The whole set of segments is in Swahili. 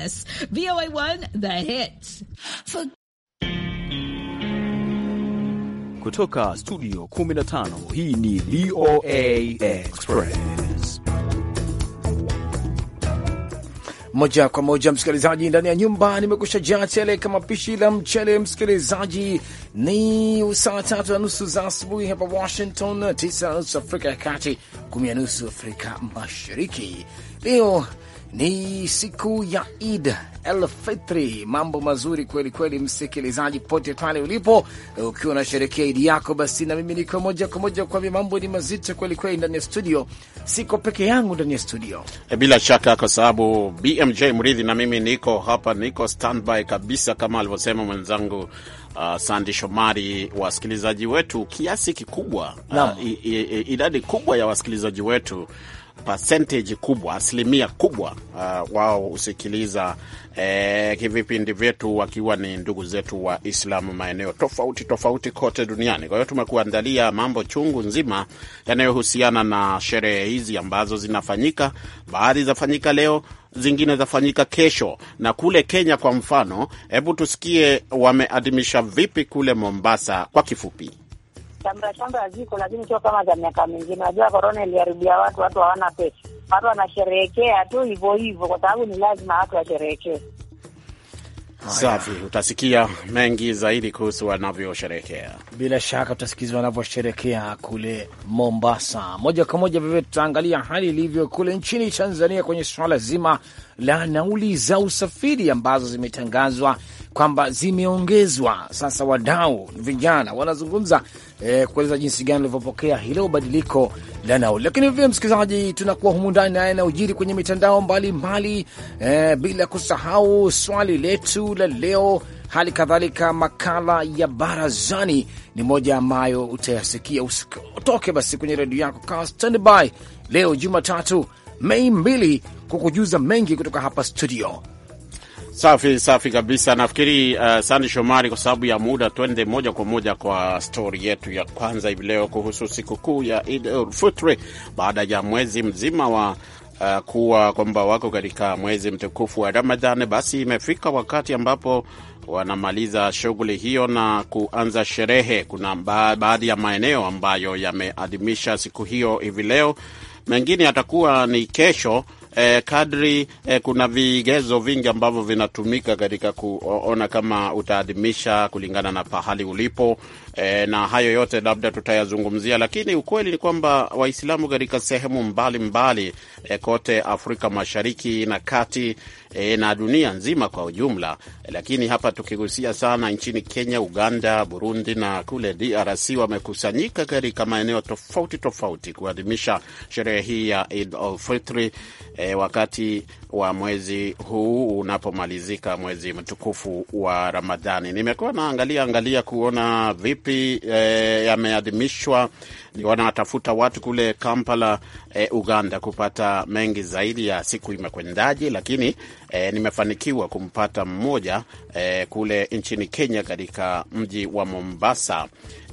Yes. VOA1, the hits. For... Kutoka studio 15 hii ni VOA Express. Moja kwa moja msikilizaji, ndani ya nyumba nimekusha jaa tele kama pishi la mchele. Msikilizaji, ni saa tatu na nusu za asubuhi hapa Washington, tisa na nusu Afrika ya Kati, kumi na nusu Afrika Mashariki. Leo ni siku ya Id Elfitri. Mambo mazuri kweli kweli, msikilizaji pote pale ulipo, ukiwa unasherekea idi yako, basi na mimi niko moja kwa moja kwa mambo ni mazito kweli kweli ndani ya studio. Siko peke yangu ndani ya studio e, bila shaka, kwa sababu BMJ Mridhi na mimi niko hapa, niko standby kabisa, kama alivyosema mwenzangu Uh, Sandi Shomari, wasikilizaji wetu kiasi kikubwa, uh, idadi kubwa ya wasikilizaji wetu percentage kubwa, asilimia kubwa uh, wao husikiliza eh, vipindi vyetu wakiwa ni ndugu zetu wa Islamu maeneo tofauti tofauti kote duniani. Kwa hiyo tumekuandalia mambo chungu nzima yanayohusiana na sherehe hizi ambazo zinafanyika, baadhi zafanyika leo, zingine zafanyika kesho. Na kule Kenya kwa mfano, hebu tusikie wameadhimisha vipi kule Mombasa kwa kifupi shamra shamra ziko, lakini sio kama za miaka mingine. Najua korona iliharibia watu, watu hawana pesa, watu wanasherehekea tu hivyo hivyo, kwa sababu ni lazima watu washerehekee. Safi, utasikia mengi zaidi kuhusu wanavyosherekea. Bila shaka utasikiza wanavyosherekea kule Mombasa. Moja kwa moja vivyo, tutaangalia hali ilivyo kule nchini Tanzania kwenye suala zima la nauli za usafiri ambazo zimetangazwa kwamba zimeongezwa. Sasa wadau vijana wanazungumza eh, kueleza jinsi gani ulivyopokea hilo badiliko la nauli. Lakini vile msikilizaji, tunakuwa humu ndani naye na ujiri kwenye mitandao mbalimbali mbali, eh, bila kusahau swali letu la leo hali kadhalika makala ya barazani ni moja ambayo utayasikia. Usitoke basi kwenye redio yako, kaa standby leo Jumatatu Mei mbili, kukujuza mengi kutoka hapa studio. Safi safi kabisa. Nafikiri uh, Sandi Shomari, kwa sababu ya muda, twende moja kwa moja kwa stori yetu ya kwanza hivi leo kuhusu sikukuu ya Id baada ya mwezi mzima wa Uh, kuwa kwamba wako katika mwezi mtukufu wa Ramadhani, basi imefika wakati ambapo wanamaliza shughuli hiyo na kuanza sherehe. Kuna baadhi ya maeneo ambayo yameadhimisha siku hiyo hivi leo, mengine yatakuwa ni kesho eh, kadri eh, kuna vigezo vingi ambavyo vinatumika katika kuona kama utaadhimisha kulingana na pahali ulipo eh, na hayo yote labda tutayazungumzia, lakini ukweli ni kwamba Waislamu katika sehemu mbalimbali mbali, eh, kote Afrika Mashariki na Kati eh, na dunia nzima kwa ujumla eh, lakini hapa tukigusia sana nchini Kenya, Uganda, Burundi na kule DRC wamekusanyika katika maeneo tofauti tofauti kuadhimisha sherehe hii ya Eid al e, wakati wa mwezi huu unapomalizika mwezi mtukufu wa Ramadhani. Nimekuwa naangalia angalia kuona vipi e, yameadhimishwa, wanatafuta watu kule Kampala e, Uganda kupata mengi zaidi ya siku imekwendaje, lakini e, nimefanikiwa kumpata mmoja e, kule nchini Kenya katika mji wa Mombasa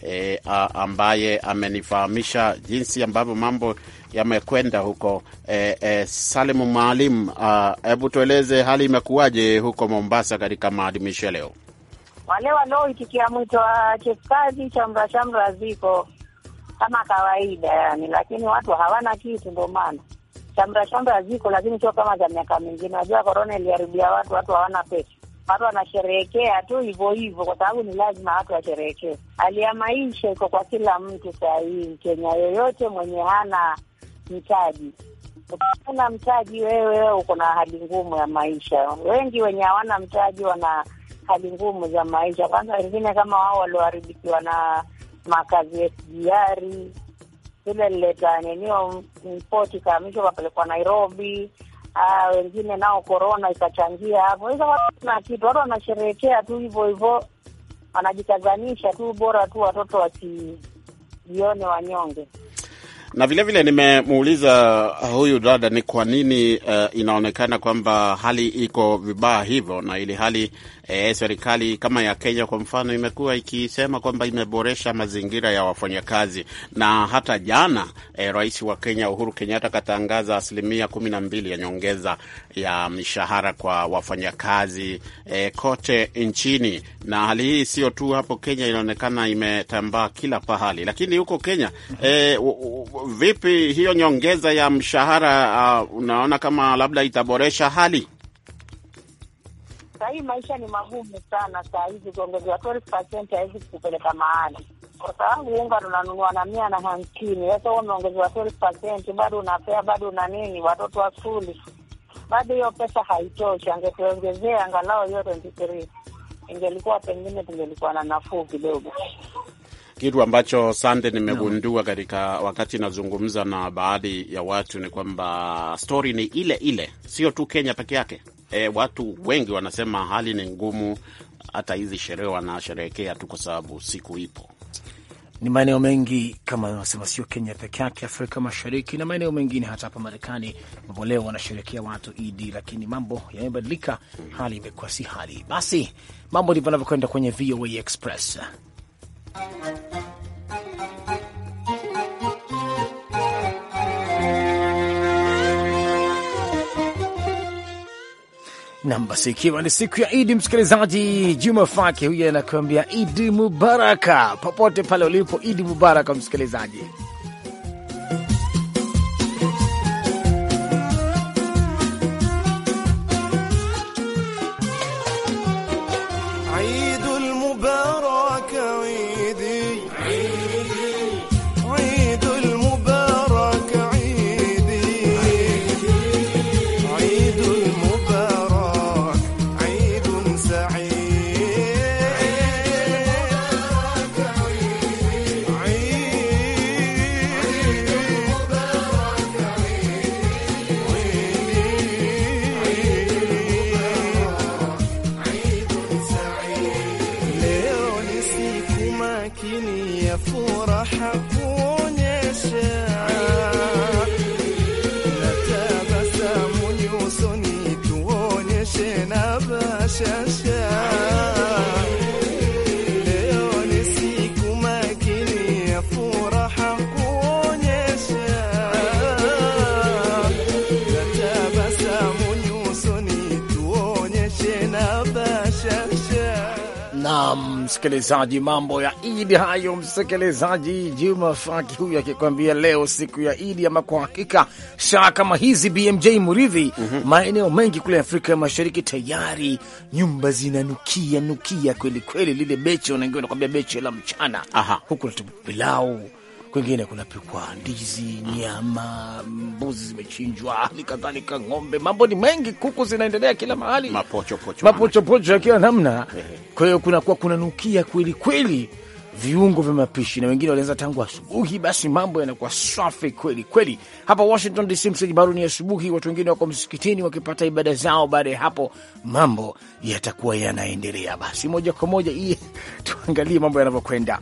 e, a, ambaye amenifahamisha jinsi ambavyo mambo yamekwenda huko. E, e, Salimu Maalim, ah, hebu tueleze hali imekuwaje huko Mombasa katika maadhimisho ya leo? Wale wanaoitikia mwito wa chefkazi, shamra shamra ziko kama kawaida yani, lakini watu hawana kitu, ndio maana shamra shamra ziko, lakini sio kama za miaka mingine. Najua korona iliharibia watu, watu hawana pesa, watu wanasherehekea tu hivyo hivyo, kwa sababu ni lazima watu washerehekee. Hali ya maisha iko kwa kila mtu saa hii, Mkenya yoyote mwenye hana mtaji Ukiona mtaji wewe uko na hali ngumu ya maisha. Wengi wenye hawana mtaji wana hali ngumu za maisha, kwanza wengine kama wao walioharibikiwa na makazi ya SGR ile lileta ninio mpoti ikahamishwa kapelekwa Nairobi. Aa, ah, wengine nao korona ikachangia hapo. Hizo watu na kitu, watu wanasherehekea tu hivyo hivyo, wanajikazanisha tu, bora tu watoto wasijione wanyonge na vile vile nimemuuliza ah, huyu dada ni kwa nini uh, inaonekana kwamba hali iko vibaya hivyo, na ili hali e, serikali kama ya Kenya kwa mfano imekuwa ikisema kwamba imeboresha mazingira ya wafanyakazi, na hata jana e, rais wa Kenya Uhuru Kenyatta akatangaza asilimia kumi na mbili ya nyongeza ya mishahara kwa wafanyakazi e, kote nchini. Na hali hii sio tu hapo Kenya, inaonekana imetambaa kila pahali, lakini huko Kenya e, vipi hiyo nyongeza ya mshahara uh, unaona kama labda itaboresha hali Saa hii maisha ni magumu sana, saa hizi kuongezewa 12% haiwezi kupeleka maana, kwa sababu unga tunanunua na mia na hamsini. Sasa huo umeongezewa 12%, bado unapea bado na nini, watoto wa shule bado hiyo pesa haitoshi. Angetuongezea angalau hiyo 23 ingelikuwa pengine tungelikuwa na nafuu kidogo. Kitu ambacho sande nimegundua katika wakati nazungumza na baadhi ya watu ni kwamba stori ni ile ile, sio tu Kenya peke yake e, watu wengi wanasema hali ni ngumu, hata hizi sherehe wanasherehekea tu kwa sababu siku ipo. Ni maeneo mengi kama wanasema, sio Kenya peke yake, Afrika Mashariki na maeneo mengine, hata hapa Marekani mambo leo wanasherekea watu Idi, lakini mambo yamebadilika, hali imekuwa si hali. Basi mambo ndivyo anavyokwenda kwenye VOA Express Nam, basi ikiwa ni siku ya Idi, msikilizaji, Juma Fake huyo anakuambia Idi mubaraka, popote pale ulipo, Idi mubaraka msikilizaji. na msikilizaji, mambo ya Idi hayo. Msikilizaji, Juma Faki huyu akikwambia leo siku ya Idi, ama kwa hakika saa kama hizi BMJ Muridhi, mm -hmm. maeneo mengi kule Afrika ya Mashariki tayari nyumba zinanukia nukia kwelikweli lile beche unaingia unakwambia beche la mchana. huku natupilau kwingine kunapikwa ndizi, nyama, mbuzi zimechinjwa, hali kadhalika ng'ombe. Mambo ni mengi, kuku zinaendelea kila mahali, mapochopocho mapochopocho ya kila namna. Kwa hiyo kunakuwa kunanukia kweli kweli viungo vya mapishi na wengine walianza tangu asubuhi. Basi mambo yanakuwa safi kweli kweli. Hapa Washington DC msiji bado ni asubuhi, watu wengine wako msikitini wakipata ibada zao. Baada ya hapo mambo yatakuwa yanaendelea. Basi moja kwa moja iye tuangalie mambo yanavyokwenda.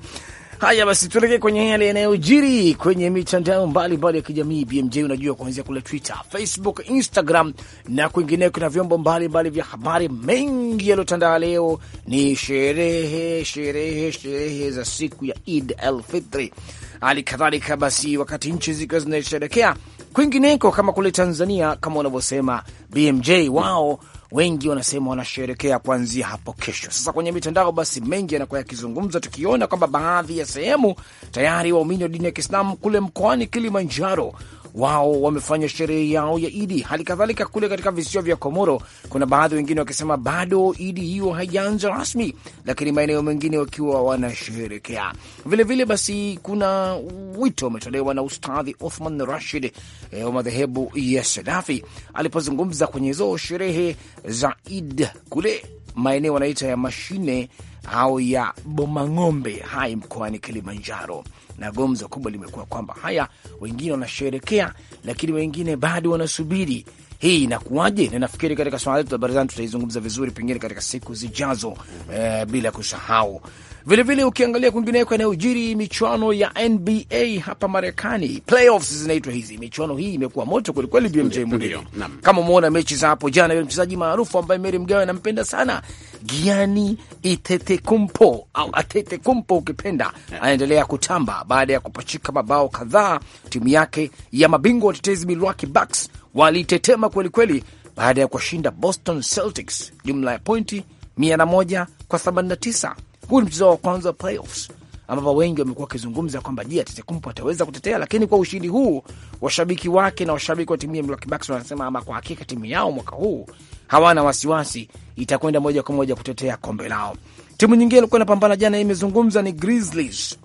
Haya basi, tuelekee kwenye yale yanayojiri kwenye mitandao mbalimbali ya kijamii. BMJ, unajua kuanzia kule Twitter, Facebook, Instagram na kwingineko, na vyombo mbalimbali vya habari. Mengi yaliyotandaa leo ni sherehe, sherehe, sherehe za siku ya Id al-Fitri. Hali kadhalika basi, wakati nchi zikiwa zinasherekea kwingineko, kama kule Tanzania, kama unavyosema BMJ, wao wengi wanasema wanasherekea kuanzia hapo kesho. Sasa kwenye mitandao basi mengi yanakuwa yakizungumza, tukiona kwamba baadhi ya sehemu tayari waumini wa dini ya Kiislamu kule mkoani Kilimanjaro wao wamefanya sherehe yao ya Idi. Hali kadhalika kule katika visiwa vya Komoro kuna baadhi wengine wakisema bado Idi hiyo haijaanza rasmi, lakini maeneo mengine wakiwa wanasherekea vilevile. Basi kuna wito umetolewa na Ustadhi Othman Rashid eh, wa madhehebu ya Sadafi alipozungumza kwenye hizo sherehe za id kule maeneo wanaita ya mashine au ya Bomang'ombe hai mkoani Kilimanjaro na gomzo kubwa limekuwa kwamba haya, wengine wanasherekea, lakini wengine bado wanasubiri hii inakuwaje? Na nafikiri katika swala letu la barazani tutaizungumza vizuri, pengine katika siku zijazo, eh, bila kusahau Vilevile ukiangalia kwingineko yanayojiri, michuano ya NBA hapa Marekani, playoffs zinaitwa hizi. Michuano hii imekuwa moto kwelikweli, BMJ Mudi, kama umeona mechi za hapo jana. Yule mchezaji maarufu ambaye Meri Mgawe anampenda sana, Giani Itetekumpo au Atetekumpo ukipenda, anaendelea kutamba baada ya kupachika mabao kadhaa. Timu yake ya mabingwa watetezi Milwaukee Bucks walitetema kwelikweli baada ya kuwashinda Boston Celtics jumla ya pointi 101 kwa 89 huu ni mchezo wa kwanza wa playoffs ambapo wengi wamekuwa wakizungumza kwamba je, Antetokounmpo ataweza kutetea? Lakini kwa ushindi huu, washabiki wake na washabiki wa timu ya Milwaukee Bucks wanasema ama kwa hakika timu yao mwaka huu hawana wasiwasi, itakwenda moja kwa moja kutetea kombe lao. Timu nyingine ilikuwa inapambana jana, imezungumza ni Grizzlies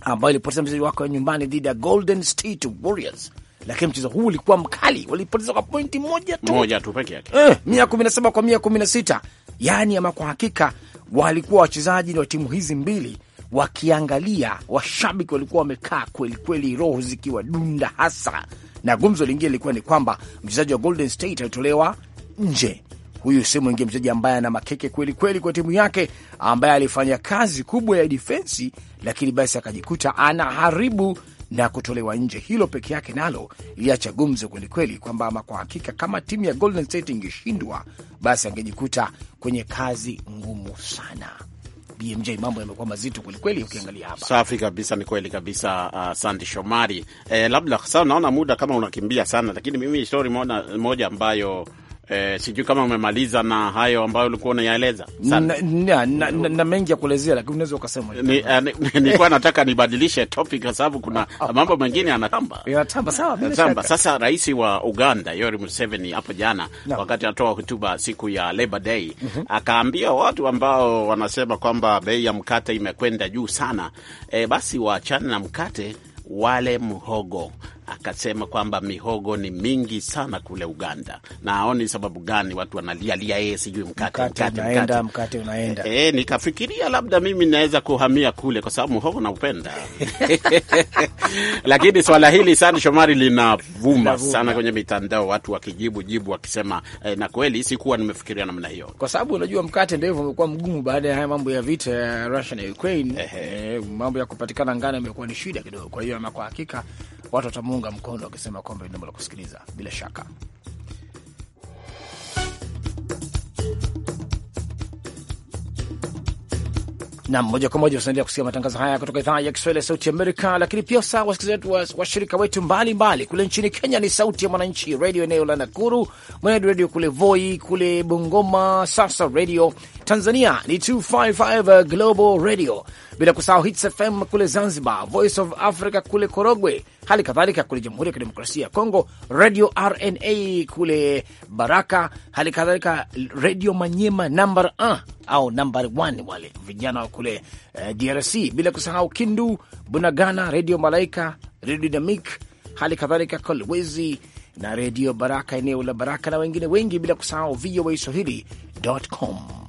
ambayo ilipoteza mchezaji wake wa nyumbani dhidi ya Golden State Warriors, lakini mchezo huu ulikuwa mkali, walipoteza kwa pointi moja tu moja tu peke yake, eh, mia kumi na saba kwa mia kumi na sita yaani ama kwa hakika walikuwa wachezaji wa timu hizi mbili wakiangalia, washabiki walikuwa wamekaa kwelikweli, roho zikiwa dunda hasa. Na gumzo lingine lilikuwa ni kwamba mchezaji wa Golden State alitolewa nje huyu si mwingine mchezaji ambaye ana makeke kweli kweli kwa timu yake, ambaye alifanya kazi kubwa ya difensi, lakini basi akajikuta anaharibu na kutolewa nje. Hilo peke yake nalo liacha gumzo kwelikweli, kwamba ama kwa hakika, kama timu ya Golden State ingeshindwa, basi angejikuta kwenye kazi ngumu sana. BMJ, mambo yamekuwa mazito kwelikweli ukiangalia hapa. Safi kabisa, ni kweli kabisa. Uh, Sandi Shomari, eh, labda sasa naona muda kama unakimbia sana, lakini mimi stori moja ambayo Eh, sijui kama umemaliza na hayo ambayo ulikuwa unayaeleza na, na, na, na mengi ya kuelezea, lakini unaweza ukasema eh, nilikuwa ni, ni, nataka nibadilishe topic kwa sababu kuna ah, mambo mengine yanatamba yanatamba. Sawa, bila shaka. Sasa rais wa Uganda Yoweri Museveni hapo jana no. wakati anatoa hotuba siku ya Labor Day mm -hmm. akaambia watu ambao wanasema kwamba bei ya mkate imekwenda juu sana, eh, basi waachane na mkate wale mhogo akasema kwamba mihogo ni mingi sana kule Uganda na aoni sababu gani watu wanalialia yeye, sijui mkate mkate mkate mkate unaenda. E, nikafikiria labda mimi naweza kuhamia kule kwa sababu mhogo naupenda lakini swala hili sana Shomari linavuma sana kwenye mitandao, watu wakijibu jibu wakisema eh, na kweli sikuwa nimefikiria namna hiyo, kwa sababu unajua mkate ndio hivyo umekuwa mgumu baada ya haya mambo ya vita ya Russia na Ukraine. Eh, mambo ya kupatikana ngano imekuwa ni shida kidogo, kwa hiyo ama kwa hakika watu watamuunga mkono wakisema kwamba ni jambo la kusikiliza bila shaka. na moja kwa moja unaendelea kusikia matangazo haya kutoka idhaa ya Kiswahili ya Sauti Amerika, lakini pia saa wasikilizaji wetu washirika wetu mbalimbali kule nchini Kenya ni Sauti ya Mwananchi redio eneo la Nakuru, Mwenedu redio kule Voi, kule Bungoma, Sasa redio Tanzania ni 255 uh, Global Radio, bila kusahau Hits FM kule Zanzibar, Voice of Africa kule Korogwe, hali kadhalika kule Jamhuri ya Kidemokrasia ya Kongo, Radio RNA kule Baraka, hali kadhalika Radio Manyema number 1 au number 1 wale vijana wa kule uh, DRC, bila kusahau Kindu, Bunagana, Radio Malaika, Radio Dynamic, hali kadhalika Kolwezi na Redio Baraka eneo la Baraka na wengine wengi, bila kusahau VOA Swahili.com.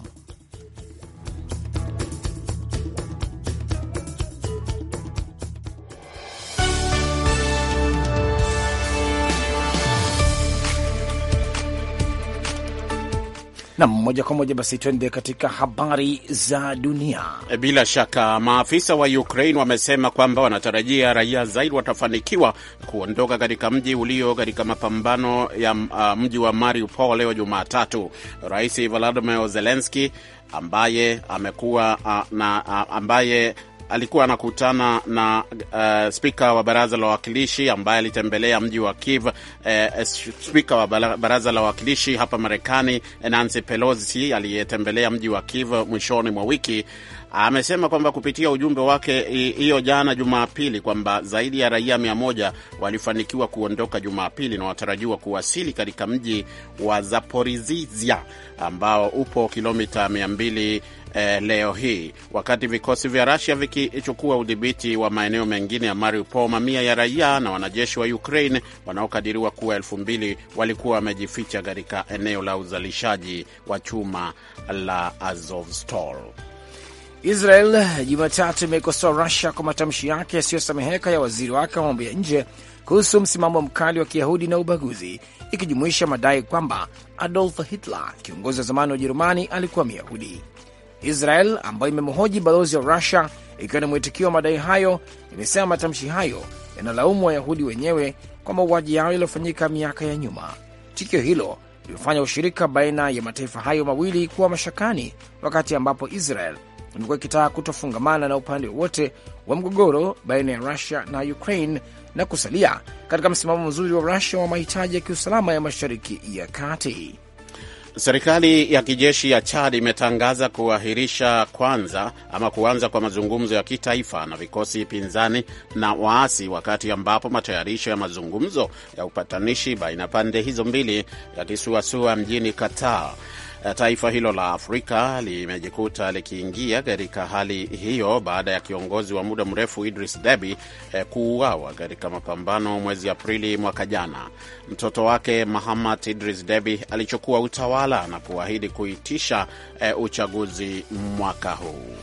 Nam, moja kwa moja basi twende katika habari za dunia. E, bila shaka, maafisa wa Ukraine wamesema kwamba wanatarajia raia zaidi watafanikiwa kuondoka katika mji ulio katika mapambano ya uh, mji wa Mariupol leo Jumatatu. Rais Volodymyr Zelensky ambaye amekuwa uh, na uh, ambaye alikuwa anakutana na uh, spika wa baraza la wawakilishi ambaye alitembelea mji wa Kiev. Uh, eh, eh, spika wa baraza la wawakilishi hapa Marekani Nancy Pelosi aliyetembelea mji wa Kiev mwishoni mwa wiki amesema kwamba kupitia ujumbe wake hiyo jana Jumapili kwamba zaidi ya raia mia moja walifanikiwa kuondoka Jumapili na watarajiwa kuwasili katika mji wa Zaporizhia ambao upo kilomita mia mbili eh, leo hii wakati vikosi vya rasia vikichukua udhibiti wa maeneo mengine ya Mariupol. Mamia ya raia na wanajeshi wa Ukraine wanaokadiriwa kuwa elfu mbili walikuwa wamejificha katika eneo la uzalishaji wa chuma la Azovstal. Israel Jumatatu imeikosoa Rusia kwa matamshi yake yasiyosameheka ya waziri wake wa mambo ya nje kuhusu msimamo mkali wa kiyahudi na ubaguzi, ikijumuisha madai kwamba Adolf Hitler, kiongozi wa zamani wa Ujerumani, alikuwa Myahudi. Israel ambayo imemhoji balozi wa Rusia ikiwa ni mwitikio wa madai hayo, imesema matamshi hayo yanalaumu Wayahudi wenyewe kwa mauaji yao yaliyofanyika miaka ya nyuma. Tukio hilo limefanya ushirika baina ya mataifa hayo mawili kuwa mashakani, wakati ambapo Israel imekuwa ikitaka kutofungamana na upande wowote wa mgogoro baina ya Rusia na Ukraine na kusalia katika msimamo mzuri wa Rusia wa mahitaji ya kiusalama ya Mashariki ya Kati. Serikali ya kijeshi ya Chad imetangaza kuahirisha kwanza ama kuanza kwa mazungumzo ya kitaifa na vikosi pinzani na waasi, wakati ambapo matayarisho ya mazungumzo ya upatanishi baina ya pande hizo mbili yakisuasua mjini Qatar. Eh, taifa hilo la Afrika limejikuta likiingia katika hali hiyo baada ya kiongozi wa muda mrefu Idris Deby eh, kuuawa katika mapambano mwezi Aprili mwaka jana. Mtoto wake Mahamat Idris Deby alichukua utawala na kuahidi kuitisha eh, uchaguzi mwaka huu.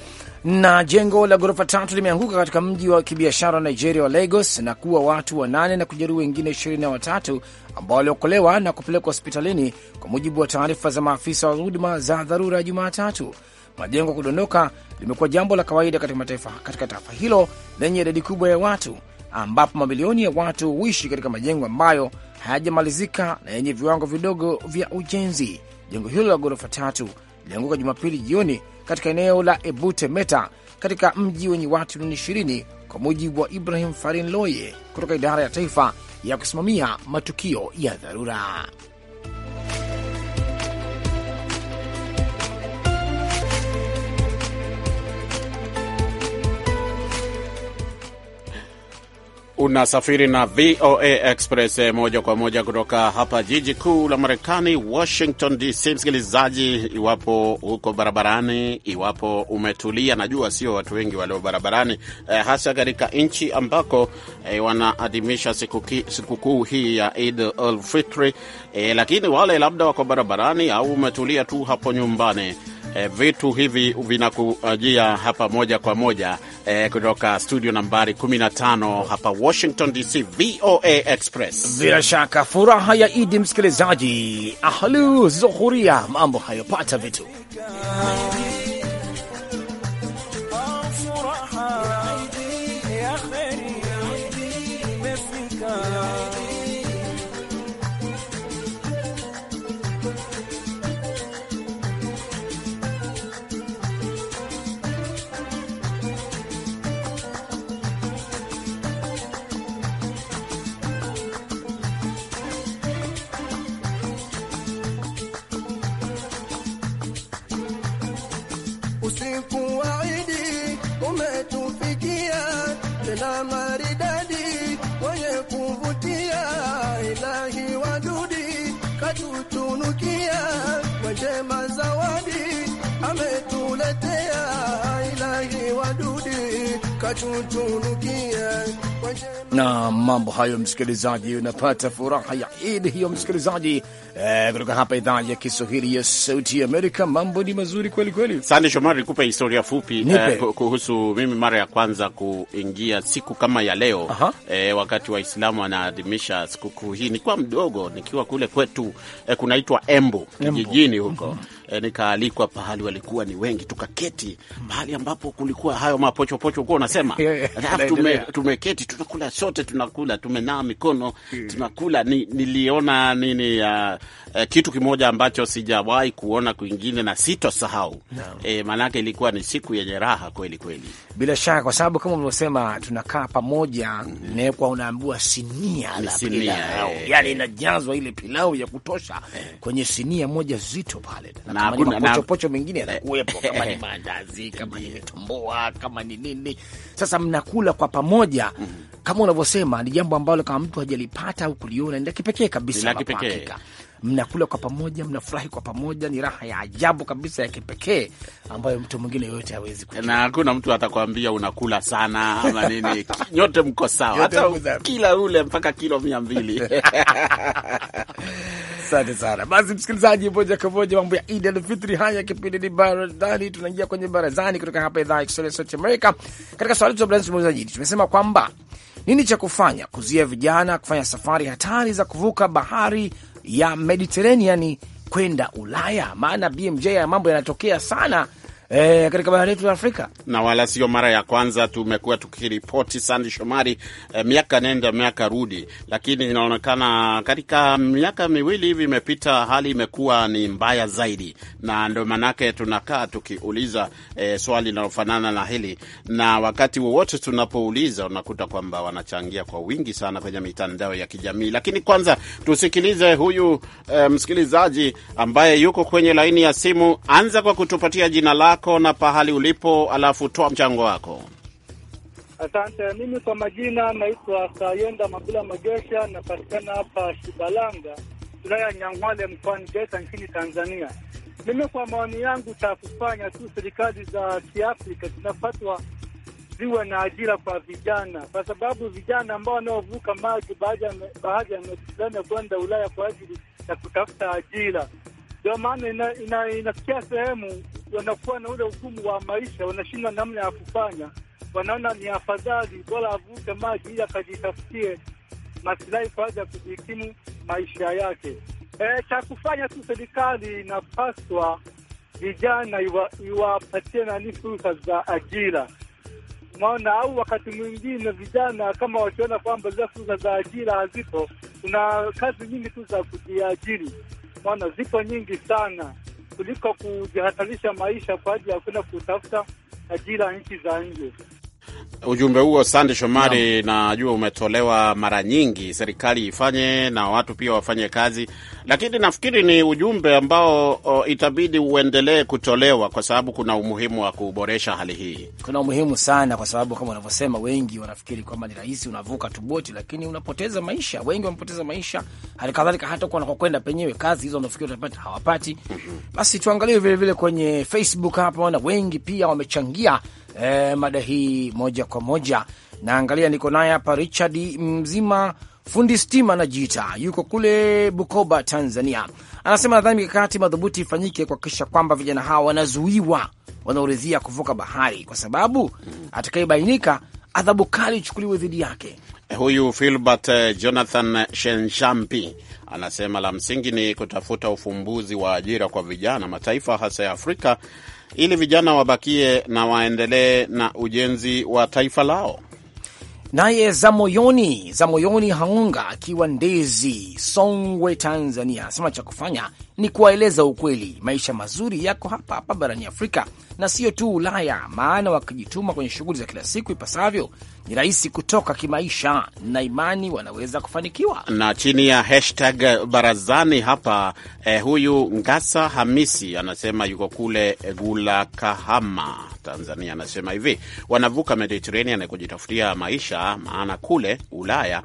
Na jengo la ghorofa tatu limeanguka katika mji wa kibiashara wa Nigeria wa Lagos na kuwa watu wanane na kujeruhi wengine ishirini na watatu ambao waliokolewa na kupelekwa hospitalini kwa mujibu wa taarifa za maafisa wa huduma za dharura Jumatatu. Majengo kudondoka limekuwa jambo la kawaida katika mataifa, katika taifa hilo lenye idadi kubwa ya watu ambapo mamilioni ya watu huishi katika majengo ambayo hayajamalizika na yenye viwango vidogo vya ujenzi. Jengo hilo la ghorofa tatu lilianguka Jumapili jioni katika eneo la Ebute Meta katika mji wenye watu milioni 20 kwa mujibu wa Ibrahim Farin Loye kutoka idara ya taifa ya kusimamia matukio ya dharura. Unasafiri na VOA Express eh, moja kwa moja kutoka hapa jiji kuu la Marekani, Washington DC. Msikilizaji, iwapo huko barabarani, iwapo umetulia, najua sio watu wengi walio barabarani eh, hasa katika nchi ambako eh, wanaadhimisha sikukuu siku hii ya Eid al eh, lakini wale labda wako barabarani au umetulia tu hapo nyumbani E, vitu hivi vinakujia hapa moja kwa moja e, kutoka studio nambari 15 hapa Washington DC, VOA Express. Bila shaka furaha ya Idi msikilizaji, ahlu zuhuria, mambo hayopata vitu But she must na mambo hayo, msikilizaji, unapata furaha ya Idi hiyo, msikilizaji eh, kutoka hapa idhaa ya Kiswahili ya Sauti Amerika. Mambo ni mazuri kweli kweli. Sande Shomari, nikupe historia fupi eh, kuhusu mimi mara ya kwanza kuingia siku kama ya leo eh, wakati Waislamu wanaadhimisha sikukuu hii, nikiwa mdogo, nikiwa kule kwetu eh, kunaitwa Embu kijijini huko mm-hmm eh, nikaalikwa pahali walikuwa ni wengi, tukaketi pahali ambapo kulikuwa hayo mapochopocho kuwa unasema ah, tume, tumeketi tunakula sote, tunakula tumenawa mikono mm. tunakula ni, niliona nini uh, uh, kitu kimoja ambacho sijawahi kuona kwingine na sitosahau no. Eh, maanake ilikuwa ni siku yenye raha kweli kweli, bila shaka, kwa sababu kama ulivyosema tunakaa pamoja mm -hmm. unaambiwa sinia la sinia, pilau eh, yani eh. inajazwa ile pilau ya kutosha eh, kwenye sinia moja zito pale na na mapochopocho mengine yanakuwepo, kama ni maandazi, kama ni vitumboa, kama ni nini. Sasa mnakula kwa pamoja mhm. Kama unavyosema ni jambo ambalo kama mtu hajalipata au kuliona ni la kipekee kabisa, la mnakula kwa pamoja, mnafurahi kwa pamoja, ni raha ya ajabu kabisa ya kipekee ambayo mtu mwingine yoyote hawezi kujua, na hakuna mtu atakwambia unakula sana ama nini. Nyote mko sawa, hata kila ule mpaka kilo mia mbili Asante sana. Basi msikilizaji, moja kwa moja mambo ya Idi Alfitri haya, kipindi ni barazani. Tunaingia kwenye barazani kutoka hapa idhaa ya Kiswahili ya Sauti Amerika. Katika swali la barazani tumesema kwamba nini cha kufanya kuzuia vijana kufanya safari hatari za kuvuka bahari ya Mediterranean kwenda Ulaya, maana BMJ ya mambo yanatokea sana E, katika bara letu la Afrika na wala sio mara ya kwanza tumekuwa tukiripoti Sandi Shomari e, miaka nenda miaka rudi, lakini inaonekana katika miaka miwili hivi imepita hali imekuwa ni mbaya zaidi, na ndio maanake tunakaa tukiuliza e, swali linalofanana na hili, na wakati wowote tunapouliza unakuta kwamba wanachangia kwa wingi sana kwenye mitandao ya kijamii. Lakini kwanza tusikilize huyu e, msikilizaji ambaye yuko kwenye laini ya simu. Anza kwa kutupatia jina lako yako na pahali ulipo, alafu toa mchango wako. Asante. Mimi kwa majina naitwa Sayenda Mabula Magesha, napatikana hapa Shibalanga, wilaya ya Nyang'hwale, mkoani Geita, nchini Tanzania. Mimi kwa maoni yangu, cha kufanya tu serikali za Kiafrika zinapatwa ziwe na ajira kwa vijana, kwa sababu vijana ambao wanaovuka maji baadhi ya Mediterania kwenda Ulaya kwa ajili ya kutafuta ajira ndio maana inafikia ina, ina sehemu wanakuwa na ule ugumu wa maisha, wanashindwa namna ya kufanya, wanaona ni afadhali bora avute maji ili akajitafutie masilahi kwa ajili ya kujikimu maisha yake. E, cha kufanya tu serikali inapaswa vijana iwapatie nani fursa za ajira maona, au wakati mwingine vijana kama wakiona kwamba zile fursa za ajira hazipo, kuna kazi nyingi tu za kujiajiri maana zipo nyingi sana kuliko kujihatarisha maisha kwa ajili ya kwenda kutafuta ajira nchi za nje. Ujumbe huo Sande Shomari, najua umetolewa mara nyingi, serikali ifanye na watu pia wafanye kazi, lakini nafikiri ni ujumbe ambao o, itabidi uendelee kutolewa kwa sababu kuna umuhimu wa kuboresha hali hii. Kuna umuhimu sana, kwa sababu kama unavyosema, wengi wanafikiri kwamba ni rahisi, unavuka tu boti, lakini unapoteza maisha, wengi wanapoteza maisha, hali kadhalika hata kuwa nakokwenda penyewe, kazi hizo wanafikiri watapata hawapati. Mhm. Basi tuangalie vilevile kwenye Facebook hapa, na wengi pia wamechangia eh, mada hii moja kwa moja. Naangalia niko naye hapa Richard Mzima, fundi stima na jita, yuko kule Bukoba, Tanzania. Anasema nadhani mikakati madhubuti ifanyike kuhakikisha kwamba vijana hawa wanazuiwa wanaoridhia kuvuka bahari, kwa sababu atakayebainika adhabu kali ichukuliwe dhidi yake. Huyu Filbert eh, Jonathan Shenshampi anasema la msingi ni kutafuta ufumbuzi wa ajira kwa vijana. Mataifa hasa ya Afrika ili vijana wabakie na waendelee na ujenzi wa taifa lao. Naye Zamoyoni Zamoyoni Haunga akiwa Ndezi, Songwe, Tanzania, asema cha kufanya ni kuwaeleza ukweli, maisha mazuri yako hapa hapa barani Afrika na sio tu Ulaya, maana wakijituma kwenye shughuli za kila siku ipasavyo, ni rahisi kutoka kimaisha na imani wanaweza kufanikiwa. Na chini ya hashtag barazani hapa eh, huyu Ngasa Hamisi anasema yuko kule Gula Kahama, Tanzania. Anasema hivi wanavuka Mediterranean kujitafutia maisha, maana kule Ulaya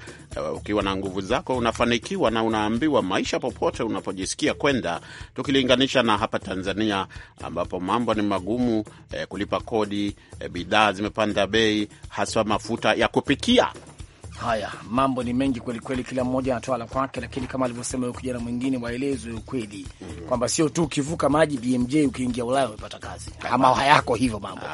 ukiwa na nguvu zako unafanikiwa, na unaambiwa maisha popote unapojisikia kwenda, tukilinganisha na hapa Tanzania ambapo mambo ni magumu eh, kulipa kodi eh, bidhaa zimepanda bei, haswa mafuta ya kupikia. Haya, mambo ni mengi kweli kweli, kila mmoja anatoa la kwake, lakini kama alivyosema huyo kijana mwingine, waelezwe ukweli mm -hmm. kwamba sio tu ukivuka maji BMJ ukiingia Ulaya umepata kazi ama hayako hivyo mambo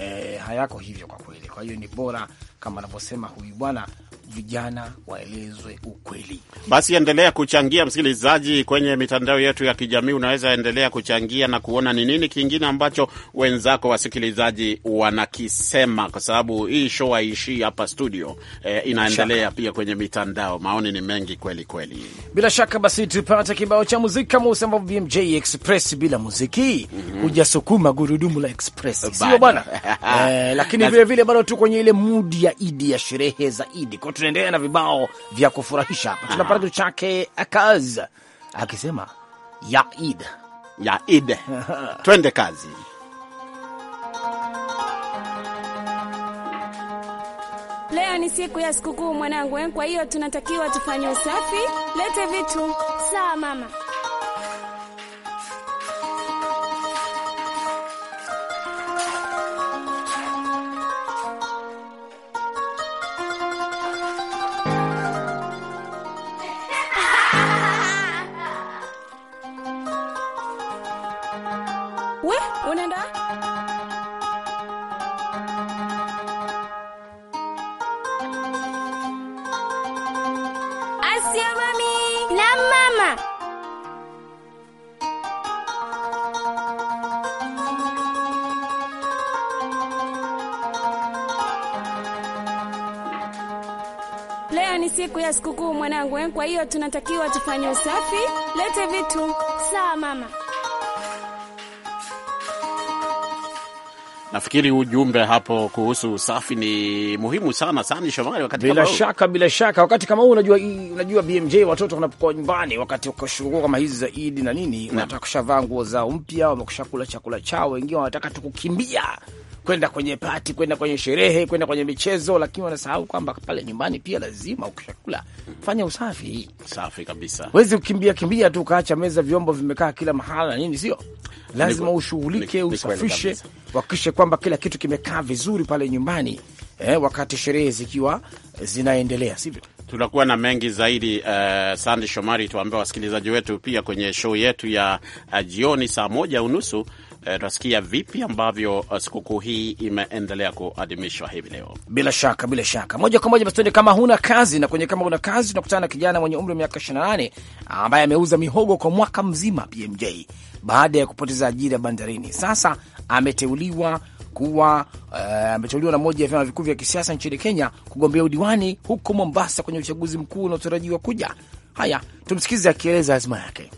e, hayako hivyo kwa kweli. Kwa hiyo ni bora kama anavyosema huyu bwana vijana waelezwe ukweli. Basi endelea kuchangia msikilizaji, kwenye mitandao yetu ya kijamii. Unaweza endelea kuchangia na kuona ni nini kingine ambacho wenzako wasikilizaji wanakisema, kwa sababu hii show haishii hapa studio e, inaendelea shaka, pia kwenye mitandao. Maoni ni mengi kweli kweli. Bila shaka, basi tupate kibao cha muziki kama usema BMJ Express. Bila muziki mhm. hujasukuma mm -hmm. gurudumu la Express, sio bwana eh, lakini vilevile bado tu kwenye ile mudi ya Idi ya sherehe za Idi tunaendelea na vibao vya kufurahisha hapa. Tunapata kitu chake akaz akisema yaid yaid, twende kazi. Leo ni siku ya sikukuu mwanangu, eh? kwa hiyo tunatakiwa tufanye usafi. Lete vitu. Sawa mama. Monsieur la Leo ni siku ya sikukuu mwanangu, eh? kwa hiyo tunatakiwa tufanye usafi. Lete vitu. Sawa mama. Nafikiri ujumbe hapo kuhusu usafi ni muhimu sana sana, Shomari, wakati bila kama shaka, bila shaka wakati kama huu unajua, unajua BMJ watoto wanapokuwa nyumbani wakati wa shughuli kama hizi za Idi na nini, wanataka kushavaa nguo zao mpya, wamekushakula chakula chao, wengine wanataka tukukimbia kwenda kwenye pati, kwenda kwenye sherehe, kwenda kwenye michezo, lakini wanasahau kwamba pale nyumbani pia lazima ukishakula fanya usafi. Safi kabisa, wezi ukimbia kimbia tu ukaacha meza, vyombo vimekaa kila mahala na nini, sio lazima ushughulike, usafishe, wakishe kwamba kila kitu kimekaa vizuri pale nyumbani. Eh, wakati sherehe zikiwa zinaendelea, sivyo? Tunakuwa na mengi zaidi uh, eh, Sandi Shomari, tuambie wasikilizaji wetu pia kwenye show yetu ya uh, jioni saa moja unusu e, vipi ambavyo eh, sikukuu hii imeendelea kuadhimishwa hivi leo. Bila shaka, bila shaka, moja kwa moja basi kama huna kazi, na kwenye kama huna kazi tunakutana na kijana mwenye umri wa miaka 28 ambaye ameuza mihogo kwa mwaka mzima BMJ baada ya kupoteza ajira bandarini. Sasa ameteuliwa kuwa eh, ameteuliwa na moja ya vyama vikuu vya kisiasa nchini Kenya kugombea udiwani huko Mombasa kwenye uchaguzi mkuu unaotarajiwa kuja. Haya, tumsikize akieleza azma yake.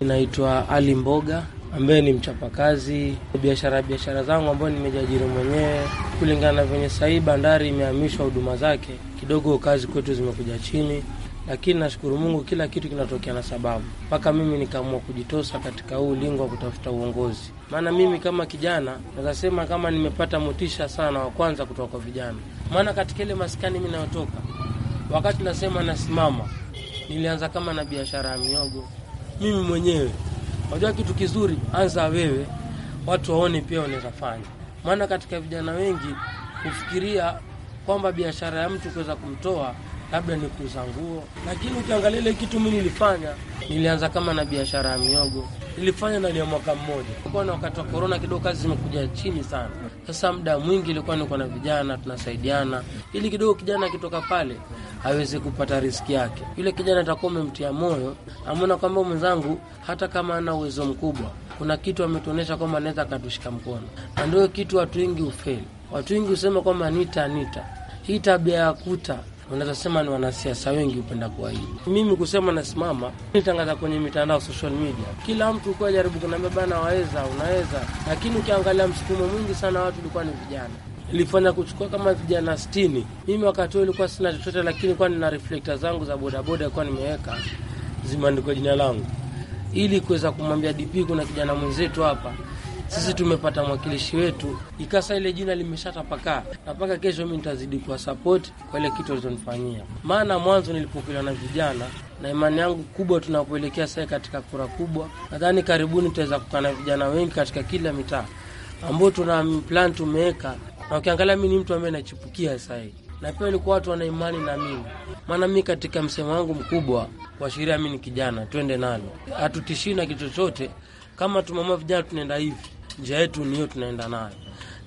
Inaitwa Ali Mboga, ambaye ni mchapakazi. Biashara biashara zangu ambayo nimejiajiri mwenyewe, kulingana na venye sahii bandari imehamishwa huduma zake kidogo, kazi kwetu zimekuja chini, lakini nashukuru Mungu, kila kitu kinatokea na sababu, mpaka mimi nikaamua kujitosa katika huu ulingo wa kutafuta uongozi. Maana mimi kama kijana naweza sema kama nimepata motisha sana wa kwanza kutoka kwa vijana, maana katika ile maskani mimi nayotoka, wakati nasema nasimama, nilianza kama na biashara ya miogo mimi mwenyewe Unajua kitu kizuri, anza wewe, watu waone pia unaweza fanya. Maana katika vijana wengi hufikiria kwamba biashara ya mtu kuweza kumtoa labda ni kuuza nguo, lakini ukiangalia ile kitu mimi nilifanya, nilianza kama na biashara ya miogo, nilifanya ndani ya mwaka mmoja kwa, na wakati wa korona kidogo kazi zimekuja chini sana. Sasa muda mwingi ilikuwa niko na vijana tunasaidiana, ili kidogo kijana akitoka pale aweze kupata riski yake. Yule kijana atakuwa umemtia moyo, amona kwamba mwenzangu, hata kama ana uwezo mkubwa, kuna kitu ametuonyesha kwamba anaweza akatushika mkono, na ndio kitu watu wengi ufeli. Watu wengi husema kwamba nita nita, hii tabia ya kuta unaweza sema ni wanasiasa wengi hupenda hivi. Mimi kusema nasimama, nitangaza kwenye mitandao social media, kila mtu ukuwa jaribu kunaambia bana, waweza, unaweza, lakini ukiangalia msukumo mwingi sana watu ulikuwa ni vijana ilifanya kuchukua kama vijana sitini. Mimi wakati huo ilikuwa sina chochote, lakini kwa nina reflekta zangu za bodaboda ilikuwa nimeweka zimeandikwa jina langu, ili kuweza kumwambia DP kuna kijana mwenzetu hapa sisi tumepata mwakilishi wetu, ikasa ile jina limeshatapakaa, na mpaka kesho mi nitazidi kuwa kuwasapoti kwa ile kitu walichonifanyia, maana mwanzo nilipokuwa na vijana na imani yangu kubwa, tunapoelekea sasa katika kura kubwa, nadhani karibuni tutaweza kukaa na vijana wengi katika kila mitaa ambao tuna plan tumeweka. Na ukiangalia mi ni mtu ambaye nachipukia sasa na pia walikuwa watu wana imani na mimi, maana mi katika msemo wangu mkubwa kuashiria mi ni kijana, twende nalo, hatutishii na kitu chochote. Kama tumeamua vijana, tunaenda hivi njia yetu ni hiyo, tunaenda nayo.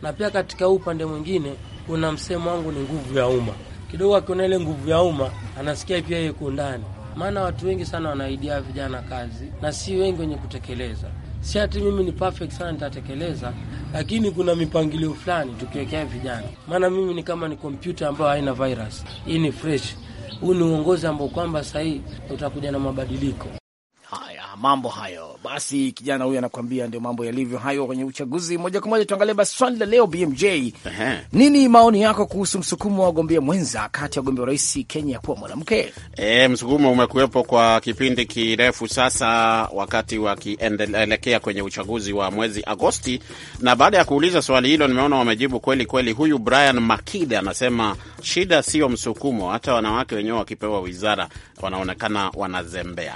Na pia katika upande mwingine, kuna msemo wangu ni nguvu ya umma. Kidogo akiona ile nguvu ya umma, anasikia pia yeye yuko ndani, maana watu wengi sana wanaidia vijana kazi na si wengi wenye kutekeleza. Si ati mimi ni perfect sana nitatekeleza, lakini kuna mipangilio fulani tukiwekea vijana, maana mimi ni kama ni kompyuta ambayo haina virus. Hii ni fresh, huu ni uongozi ambao kwamba sahii utakuja na mabadiliko haya mambo hayo. Basi kijana huyu anakuambia ndio mambo yalivyo hayo kwenye uchaguzi. Moja kwa moja tuangalie basi swali la leo BMJ. -huh. Nini maoni yako kuhusu msukumo wa wagombea mwenza kati ya wagombea urais Kenya kuwa mwanamke? E, msukumo umekuwepo kwa kipindi kirefu sasa, wakati wakielekea kwenye uchaguzi wa mwezi Agosti, na baada ya kuuliza swali hilo nimeona wamejibu kweli kweli. Huyu Brian Makide anasema shida sio msukumo, hata wanawake wenyewe wakipewa wizara wanaonekana wanazembea.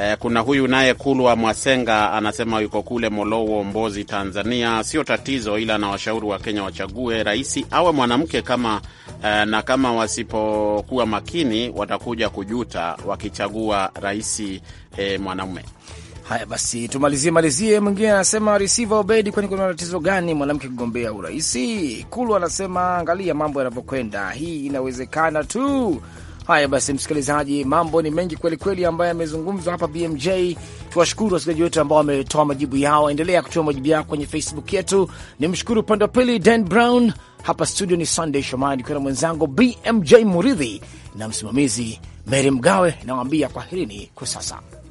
Eh, kuna huyu naye Kulwa Mwasenga anasema yuko kule Molowo, Mbozi, Tanzania. Sio tatizo, ila na washauri wa Kenya wachague rais awe mwanamke kama eh, na kama wasipokuwa makini watakuja kujuta wakichagua rais eh, mwanamume. Haya basi, tumalizie malizie. Mwingine anasema Risiva Obedi, kwani kuna tatizo gani mwanamke kugombea urahisi Kulu anasema angalia mambo yanavyokwenda, hii inawezekana tu. Haya basi, msikilizaji, mambo ni mengi kweli kweli ambayo yamezungumzwa hapa BMJ. Tuwashukuru wasikilizaji wetu ambao wametoa majibu yao. Endelea kutoa majibu yao kwenye Facebook yetu. Ni mshukuru upande wa pili Dan Brown. Hapa studio ni Sunday Shomani nikiwa na mwenzangu BMJ Muridhi na msimamizi Mary Mgawe. Nawambia kwaherini kwa sasa.